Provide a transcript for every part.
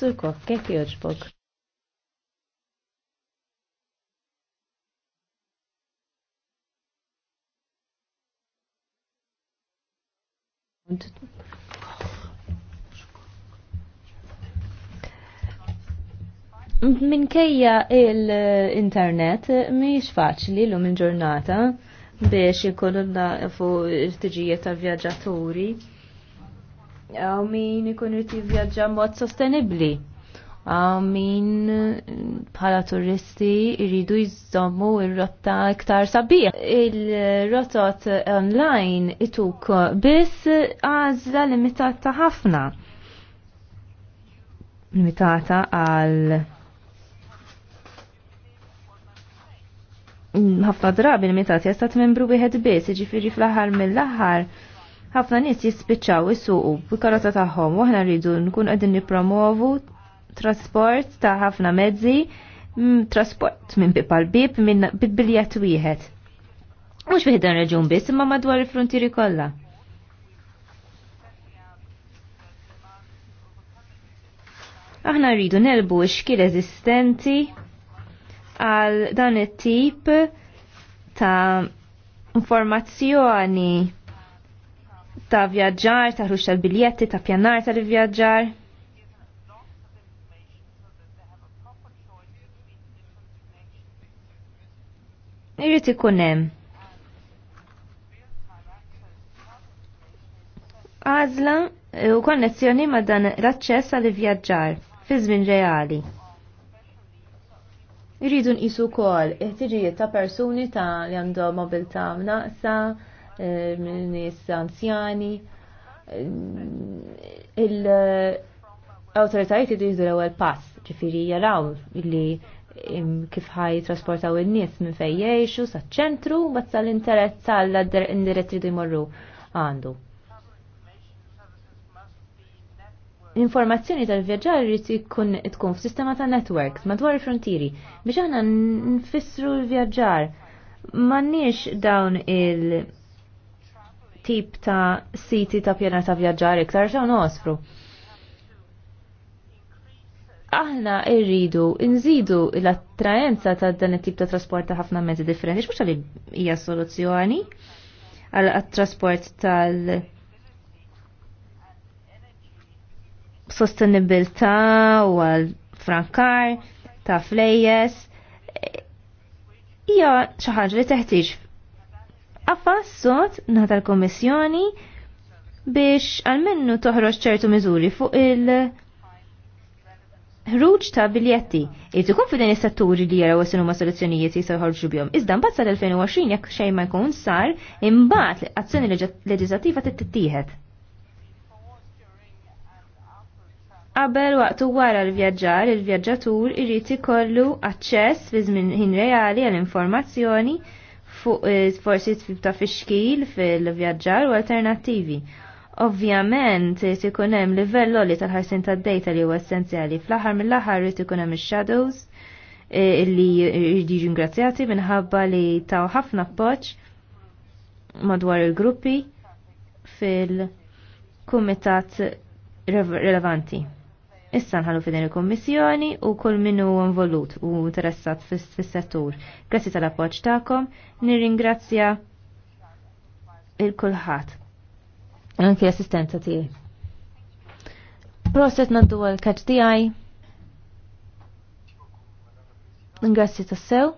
Sur Koch, kif joġbok? Minkejja il-internet miex faċli l-lum il-ġurnata biex ikollu fu il-tiġijiet tal-vjaġġaturi għaw min ikun rriti jivvjaġġa mod sostenibli. Għaw min bħala turisti irridu jizzommu il rotta iktar sabiħ. Il-rotot online ituk biss għazla limitata ħafna. Limitata għal ħafna drabi limitati għastat membru wieħed biss, ġifiri fl-aħħar mill-aħħar ħafna nies jispiċċaw isuqu bil-karozza tagħhom u aħna rridu nkun qegħdin nippromovu trasport ta' ħafna mezzi, mm, trasport minn bib għal bib minn biljett wieħed. Mhux fih dan reġun biss imma madwar il-frontieri kollha. Aħna rridu nelbu xkil eżistenti għal dan it-tip ta' informazzjoni ta' vjaġġar, ta' ruċċa l biljetti ta' pjanar tal-vjaġġar. Irrit ikun hemm. E, u konnezzjoni ma' dan l-aċċess għal vjaġġar fi żmien reali. Irridu nqisu wkoll il ta' persuni ta' li għandhom ta' mnaqsa, Nis anzjani. il autoritajti jiddu l-ewwel pass, ġifieri jaraw li kif ħaj trasportaw il-nies minn fej jiexu saċ-ċentru bat l-interet sa' l indiretti li jmorru għandu. Informazzjoni tal-vjaġġar irid tkun f'sistema ta' networks madwar il-frontieri biex aħna nfissru l-vjaġġar m'għandniex dawn il- tip ta' siti ta' pjanar ta' vjaġġar iktar ta' nosfru. Aħna irridu nżidu l-attraenza ta' dan it-tip ta' trasport ta' ħafna mezzi differenti, x'mhux għalli hija soluzzjoni għal trasport tal- sostenibilità u għal frankar ta' flejjes Ija xi ħaġa li teħtieġ s sot naħta l-Komissjoni biex għalmennu toħroġ ċertu miżuri fuq il- ħruġ ta' biljetti. Irid ikun f'din is-setturi li jaraw isinu ma' soluzzjonijiet jistgħu jħorġu bjom. Iżda mbagħad sal-2020 jekk xejn ma jkun sar, imbagħad azzjoni leġislattiva tittieħed. Qabel waqtu wara l-vjaġġar, il-vjaġġatur irid ikollu aċċess fi żmien ħin reali għall-informazzjoni fuq eh, forsi tfib ta' fixkil fil-vjaġġar u alternattivi. Ovvjament, ikun eh, hemm livell li tal-ħarsin tad-dejta li huwa essenzjali. Fl-aħħar mill-aħħar irid ikun hemm ix-shadows eh, li jridu ingrazzjati minħabba li taw ħafna appoġġ madwar il-gruppi fil-kumitat relevanti. Issa nħallu fidin il-Kommissjoni u kull minnu involut u interessat fis-settur. Grazzi tal-appoġġ tagħkom, nirringrazzja il-kulħadd. Anki l-assistenza tiegħi. Proset naddu għal kaċ għaj. Grazzi tassew.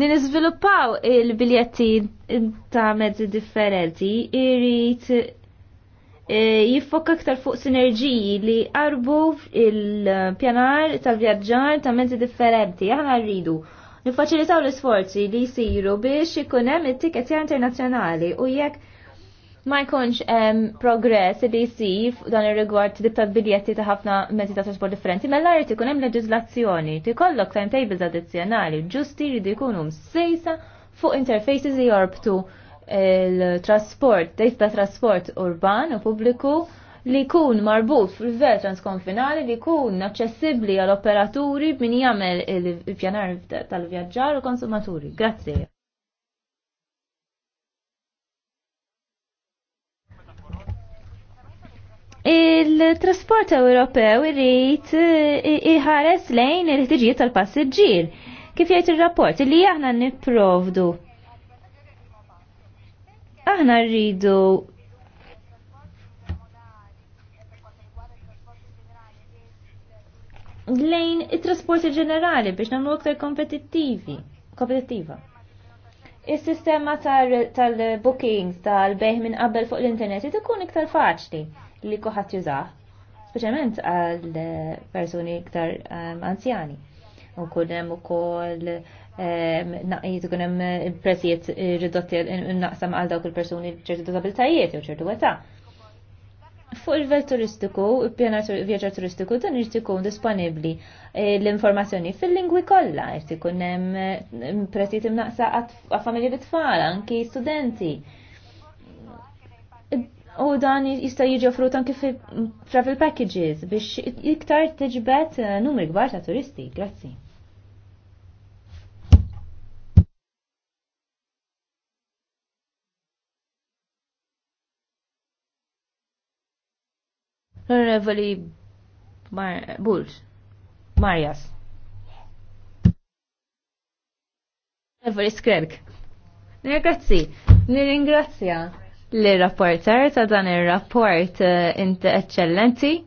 Ninizviluppaw il-biljetti ta' mezzi differenti, irrit e, jiffok aktar fuq sinerġiji li qarbu il-pjanar tal-vjaġġar ta' mezzi differenti. Aħna rridu nifaċilitaw l-isforzi li jisiru biex ikun hemm it-tiketja internazzjonali u jekk ma jkunx progress li jisif dan ir-rigward tibta biljetti ta' ħafna mezzi ta' trasport differenti, mela jrid ikun hemm leġiżlazzjoni, tikollok timetables addizzjonali ġusti jrid ikunu sejsa fuq interfaces li jorbtu il-trasport, dejt ta' trasport urban u pubbliku li kun marbut fil-vel transkonfinali li jkun aċċessibbli għal operaturi min jagħmel il-pjanar tal-vjaġġar u konsumaturi. Grazie. Il-trasport Ewropew irrid iħares lejn il-ħtiġijiet tal-passiġġier. Kif jgħid ir-rapport li aħna nipprovdu. Aħna rridu lejn it-trasport ġenerali biex nagħmlu aktar kompetittivi, kompetittiva. Is-sistema tal-bookings tal-beħ minn qabel fuq l-internet ikun iktar faċli li kuħat jużaħ, speċjalment għal persuni iktar anzjani. U kunem u koll naqijiet u kunem prezzijiet ridotti naqsam għal dawk il-persuni ċertu disabilitajiet u ċertu għetà. Fuq il-vel turistiku, il vjaġġa turistiku, dan irid ikun disponibbli l-informazzjoni fil-lingwi kollha, irid ikun hemm prezzijiet imnaqsa familji bit-tfal, anki studenti U dan jista' jiġi offrut anke fi travel packages biex iktar tiġbed eh, numri kbar ta' turisti. Grazzi. Revoli Mar Bulls. Marjas. Revoli Skrelk. Nirgrazzi. Nirringrazzja l-rapporter ta' dan il-rapport eh, int eccellenti.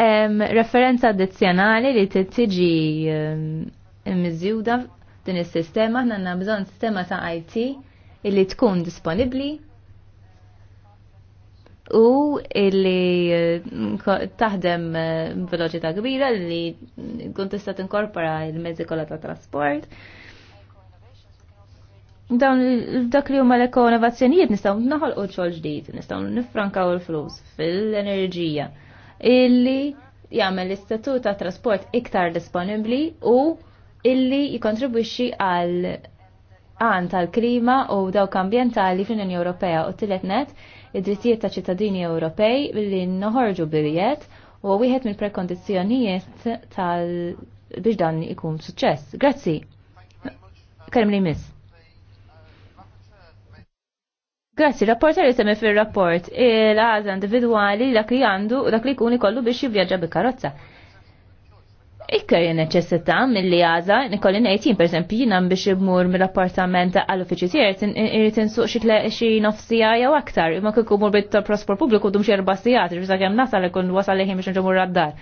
Referenza addizjonali li t-tiġi mizjuda din il-sistema, għanna bżon sistema ta' IT illi tkun disponibli u illi eh, taħdem eh, veloċità kbira li kun tista' tinkorpora il-mezzi kollha ta' trasport dawn dak li huma l innovazzjonijiet nistgħu naħolqu xogħol ġdid, nistgħu nifrankaw il-flus fil-enerġija illi jagħmel l-istatut ta' trasport iktar disponibbli u illi jikontribwixxi għal għan tal-klima u dawk ambjentali fl-Unjoni Ewropea u tillet net id-drittijiet ta' ċittadini Ewropej billi noħorġu biljet u wieħed mill-prekondizzjonijiet tal biex dan ikun suċċess. Grazzi. Kemm li miss. Grazzi, rapport li semmi fil-rapport il-għaza individuali dak li għandu u dak li kuni ikollu biex jivvjaġġa bi karozza. Ikker jen neċessita mill-li għaza, nikolli nejtin per esempio jina biex jibmur mill-appartament għall-uffiċi tijer, irrit nsuq xie nofsija jew aktar, imma kiku mur bit prospor publiku dum xie erba sijat, ġvisa nasa nasal ikun wasa liħi biex nġumur għaddar.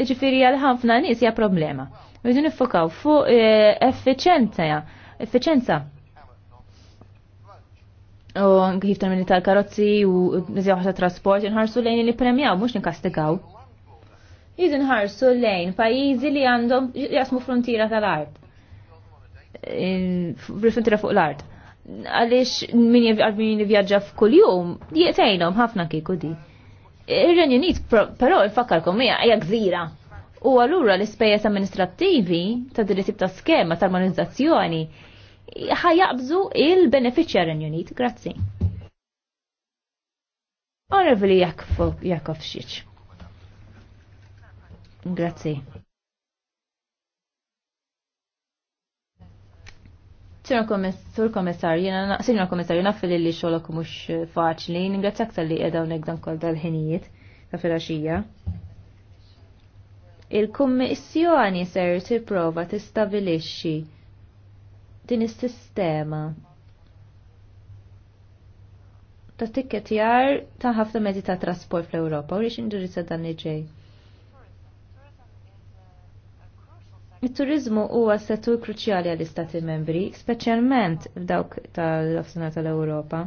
Ġifiri għal-ħafna nis hija problema. Rridu nifokaw fuq eh, effiċenza, effiċenza u kif tal-mini tal-karozzi u nizjaw ta' trasport inħarsu lejn li premjaw, mux nikastigaw. Jiz inħarsu lejn pajizi li għandhom jasmu frontira tal-art. Frontira fuq l-art. Għalix min jivjaġġa f'kull-jum, jietajnom ħafna kiku di. Ir-Renju Unit, però nfakkarkom hija hija gżira. U allura l-ispejjeż amministrattivi ta' din tip ta' skema ta' armonizzazzjoni ħajabżu il-beneficjar Unit. Grazzi. Onorevoli Jakov Xieċ. Grazzi. Sur komissar, jena, sinjor komissar, jena fil li xolok mux faċli, ningrazzjak tal-li edaw unek dan kol dal-ħinijiet ta' filaxija. Il-kommissjoni ser tipprova tistabilixxi din is-sistema ta' tikketjar ta' ħafna mezzi ta' trasport fl-Ewropa u rix indirizza dan iġej. ġej. Il-turizmu huwa settur kruċjali għall-Istati membri, speċjalment f'dawk tal-ofsina tal-Ewropa.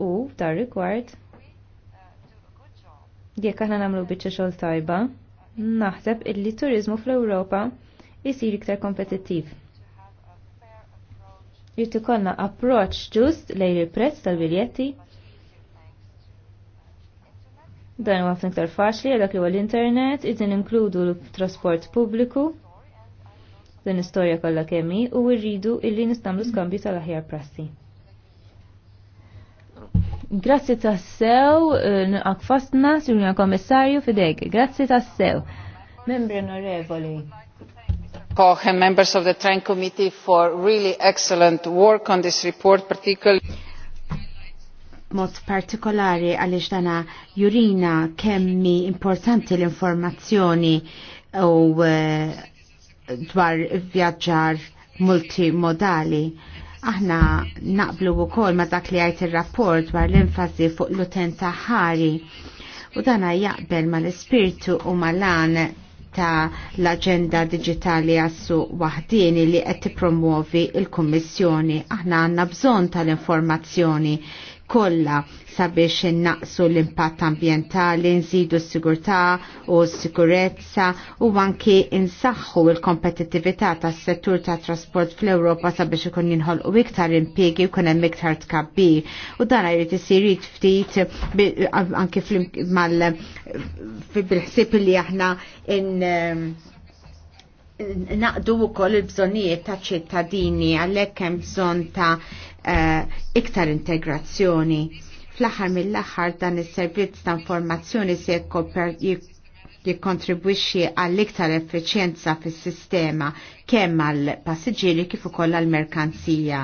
U dar rigward jekk aħna nagħmlu biċċa xogħol tajba, naħseb illi turizmu fl-Ewropa jsir iktar kompetittiv. Jrid ikollna approċċ ġust lejn il-prezz tal-biljetti. Dan huwa ħafna iktar faċli għal dak huwa l-internet, id inkludu l-trasport pubbliku din istorja kollha hi u rridu illi nistamlu skambju tal-aħjar prassi. Grazzi tassew, eh, nqaq fastna, Sinjora Kommissarju, fidek. Grazzi tassew. Membri onorevoli. Koch and members of the Train Committee for really excellent work on this report, particularly mod partikolari għaliex dana jurina kemmi importanti l-informazzjoni u eh, dwar vjaġġar multimodali. Aħna naqblu u kol ma dak li għajt il-rapport dwar l-enfasi fuq l-utent ħari u dana jaqbel ma l-spiritu u ma l-an ta' l-Aġenda Digitali għassu waħdini li qed tippromuovi il-Kummissjoni. Aħna għandna bżonn tal-informazzjoni Kolla sabiex innaqsu l-impatt ambjentali, nżidu s-sigurtà u s-sikurezza u anki insaħħu l-kompetittività tas-settur tat trasport fl-Ewropa sabiex ikun jinħolqu iktar impjiegi u hemm iktar tkabbir. U dan jrid isir ftit anki mal ħsieb li aħna in naqdu wkoll il-bżonnijiet ta' ċittadini għalhekk hemm bżonn ta' eh, iktar integrazzjoni fl-aħħar mill-aħħar dan is-servizz ta' informazzjoni se jikkontribwixxi għall-iktar effiċjenza fis-sistema kemm għall passiġġieri kif ukoll għall merkanzija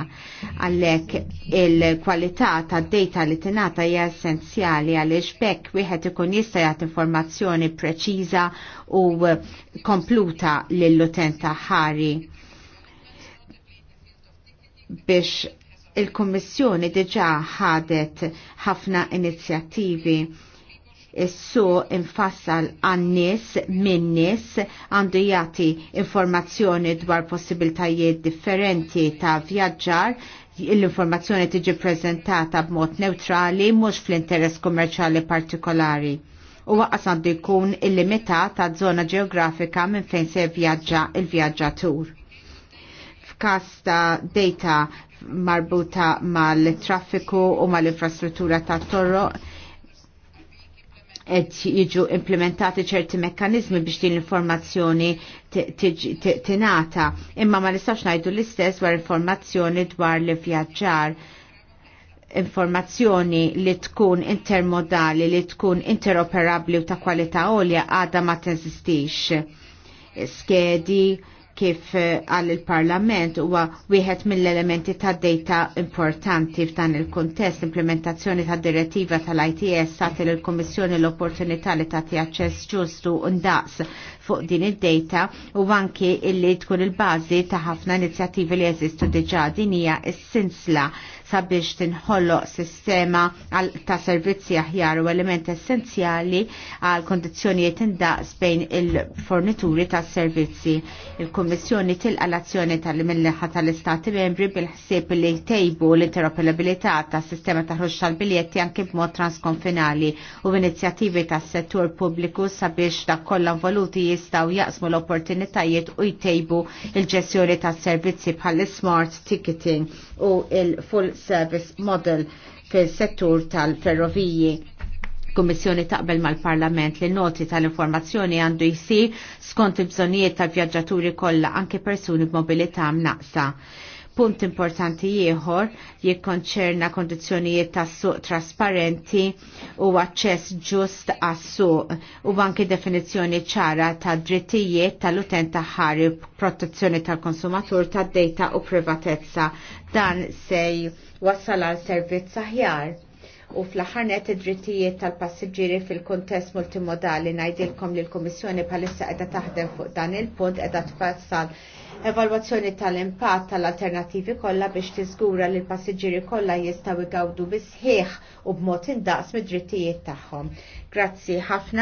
Għalhekk il-kwalità tad-data li tingħata hija essenzjali għaliex bekk wieħed ikun jista' jagħti informazzjoni preċiża u kompluta lill-utent ħari biex il-Kommissjoni diġa ħadet ħafna inizjattivi Is-su infassal għannis minnis għandu jati informazzjoni dwar possibiltajiet differenti ta' vjaġġar l-informazzjoni tiġi prezentata b'mod neutrali mhux fl-interess kummerċjali partikolari u waqqas għandu jkun il-limita ta' zona ġeografika minn fejn se vjaġġa il-vjaġġatur. F'każ ta' data marbuta mal-traffiku u mal-infrastruttura ta' torro qed jiġu implementati ċerti mekkanizmi biex din l-informazzjoni tingħata, imma ma nistax ngħidu l-istess dwar informazzjoni dwar li vjaġġar informazzjoni li tkun intermodali, li tkun interoperabli u ta' kwalità għolja għadha ma teżistix. Skedi, kif eh, għall il-Parlament huwa wieħed mill-elementi ta' data importanti f'dan il-kontest implementazzjoni ta' direttiva tal-ITS tagħti il kommissjoni l-opportunità li tagħti aċċess ġustu ndaqs fuq din id-data u anki illi tkun il-bażi ta' ħafna inizjattivi li jeżistu diġà din hija sinsla sabiex tinħolloq sistema ta' servizzi aħjar u element essenzjali għal kondizzjonijiet indaqs bejn il-fornituri ta' servizzi. Il-Kommissjoni tilqa l-azzjoni tal-milleħa tal-Istati membri bil-ħsieb li tejbu l-interoperabilità ta' sistema ta' ħruġ tal-biljetti anke b'mod transkonfinali u b'inizjattivi ta' settur pubbliku sabiex da' kollha involuti jistgħu jaqsmu l-opportunitajiet u jtejbu il-ġestjoni ta' servizzi bħal-smart ticketing u il-full Service Model fil-settur tal-ferroviji. Kummissjoni taqbel mal-Parlament li noti tal-informazzjoni għandu jisir skont il-bżonijiet tal-vjaġġaturi kollha anke persuni b'mobilità mnaqsa Punt importanti ieħor jikkonċerna kondizzjonijiet ta' suq trasparenti u aċċess ġust għas suq u banki definizzjoni ċara ta' drittijiet tal utenta ta' ħari protezzjoni tal-konsumatur ta' data u privatezza dan se wassal għal servizz aħjar u fl-ħarnet id-drittijiet tal-passiġġieri fil-kontest multimodali ngħidilkom li l-Kummissjoni bħalissa qiegħda taħdem fuq dan il-punt qiegħda tfassal evalwazzjoni tal-impatt tal-alternattivi kollha biex tiżgura li l-passiġġieri kollha jistgħu jgawdu bisħieħ u b'mod indaqs mid-drittijiet tagħhom. Grazzi ħafna.